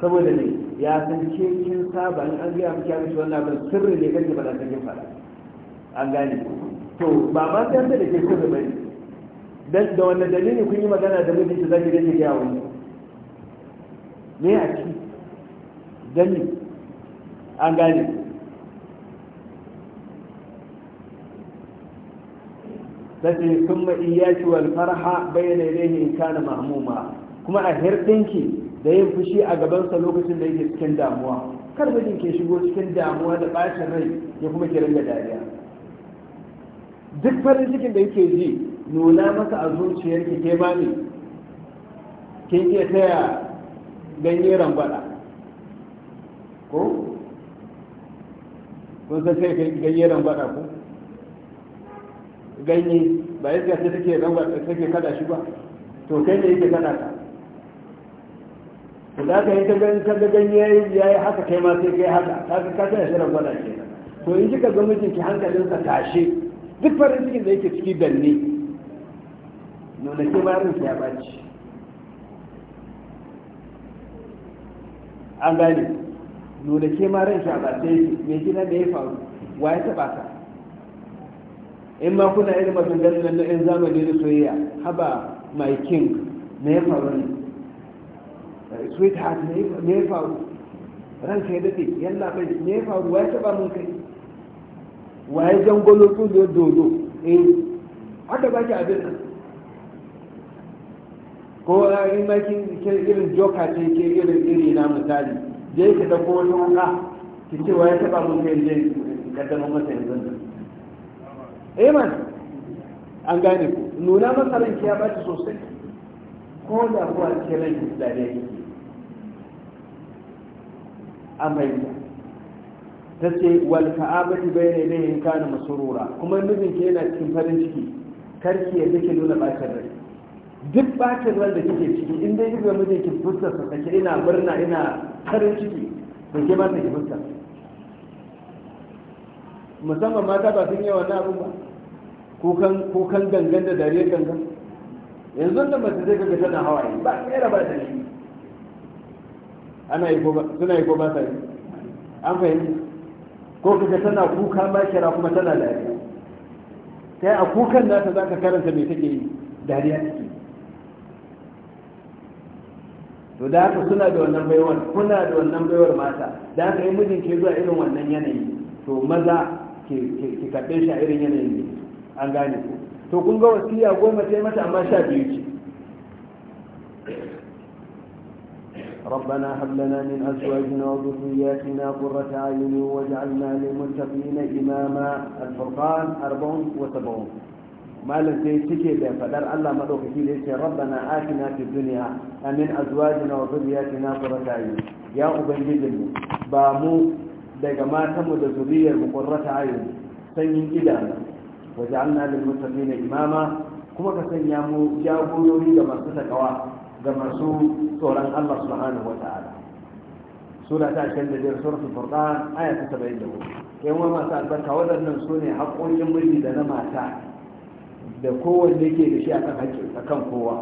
saboda ne ya san cikin saba in an gaya miki abin wannan abin sirri ne kake ba da kin fara an gane to ba ma sai da ke sirri ba ne dan da wannan dalili kun yi magana da mijinki zaki da ke gaya wani me a ciki dani an gane tace kuma iyaki wal farha bayyana ilayhi in kana mahmuma kuma a hirɗinki da yin fushi a gabansa lokacin da yake cikin damuwa kar mijin ke shigo cikin damuwa da bacin rai ya kuma ke ringa dariya duk farin cikin da yake ji nuna masa a ki ke ma ke kin taya ganye rambada ko kun san sai ganye rambada ko ganye ba yadda ta take rambada take kada shi ba to kai ne yake kada ka da aka yi ta gani ta gani ya yi haka kai ma sai kai haka ta ka kasa ya shirin gwada ke to in kika ga mijinki sa tashe duk farin cikin da yake ciki danne nuna ke rinsu ya baci an gane nuna ke ma ran ya a bace mai gina da ya faru wa ya taba ka in ma kuna irin maganganun nan in zamani da soyayya haba my king me ya faru ne sweetheart ne ya faru ranka ya daɗe yalla bai ne ya faru ya taɓa mun kai waye jangolo tsuliyo dodo eh haka ba ki abin nan ko in ma ki ke irin joka ce ke irin iri na misali je ki da ko wani wuka ki ce waye taɓa mun kai je kaddama masa yanzu nan eh man an gane ku nuna masa ranki ya ɓaci sosai ko da kuwa ke ranki da dai amayya ta ce wal ne bayna ilayhi kana masrura kuma ke yana cikin farin ciki karki ya take nuna bacin rai duk bakin rai da kike ciki in dai kika mijinki fuskar sa take ina murna ina farin ciki to ke ma ki fuskar musamman mata ba sun yi wannan abin ba kukan gangan da dariyar gangan yanzu da mace zai kaga tana hawaye ba mera ba da shi ana yi ko suna yi ko ba sa yi an fahimci ko kaga tana kuka ba kira kuma tana dariya sai a kukan nata ka karanta me take yi dariya ciki to da haka suna da wannan baiwar kuna da wannan baiwar mata da haka yi mijin ke zuwa irin wannan yanayi to maza ke karɓe shi a irin yanayin ne an gane ku to kun ga wasiya goma sai mata amma sha biyu ce ربنا هب لنا من ازواجنا وذرياتنا قرة اعين واجعلنا للمتقين اماما الفرقان 74 malam sai cike da fadar Allah madaukaki da yake rabbana atina fi dunya amin azwajina wa dhurriyyatina qurrata ayun ya ubangiji mu ba mu daga matan mu da zuriyar mu qurrata ayun sanyin idanu wa ja'alna lil muttaqina imama kuma ka sanya mu jagorori ga masu takawa ga masu tsoron Allah subhanahu wa ta'ala sura ta shan da biyar suratul furqan aya ta saba'in da hudu masu albarka waɗannan su ne haƙoƙin miji da na mata da kowanne ke da shi akan haƙƙin akan kowa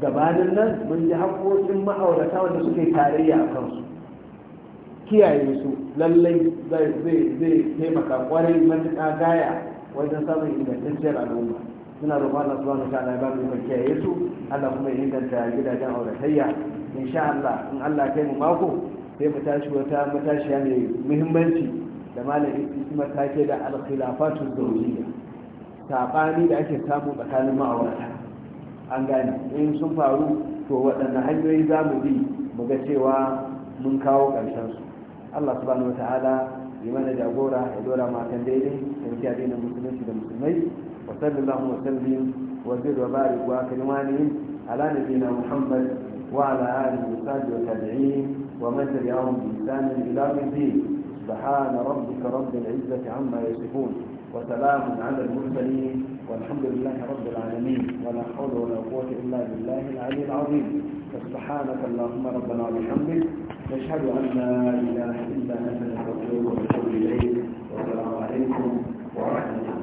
gabanin nan mun ji haƙoƙin ma'aurata wanda suke taraya tarayya a kansu kiyaye su lallai zai taimaka kwarai matuƙa gaya wajen samun ingantacciyar al'umma suna roƙon Allah subhanahu wa ta'ala ya ba mu kiyaye su Allah kuma ya inganta gidajen auratayya insha Allah in Allah kai mu mako sai mu tashi wata matashiya mai muhimmanci da malamin kuma take da al-khilafatu zawjiyya sabani da ake samu tsakanin ma'aurata an gane in sun faru to waɗanne hanyoyi za mu bi mu ga cewa mun kawo ƙarshen su Allah subhanahu wa ta'ala yi mana jagora ya dora matan daidai da muke musulunci da musulmai وصل اللهم وسلم وزد وبارك واكرم على نبينا محمد وعلى اله وصحبه والتابعين ومن تبعهم باحسان الى يوم الدين سبحان ربك رب العزه عما يصفون وسلام على المرسلين والحمد لله رب العالمين ولا حول ولا قوه الا بالله العلي العظيم سبحانك اللهم ربنا وبحمدك نشهد ان لا اله الا انت نستغفرك ونتوب اليك والسلام عليكم ورحمه الله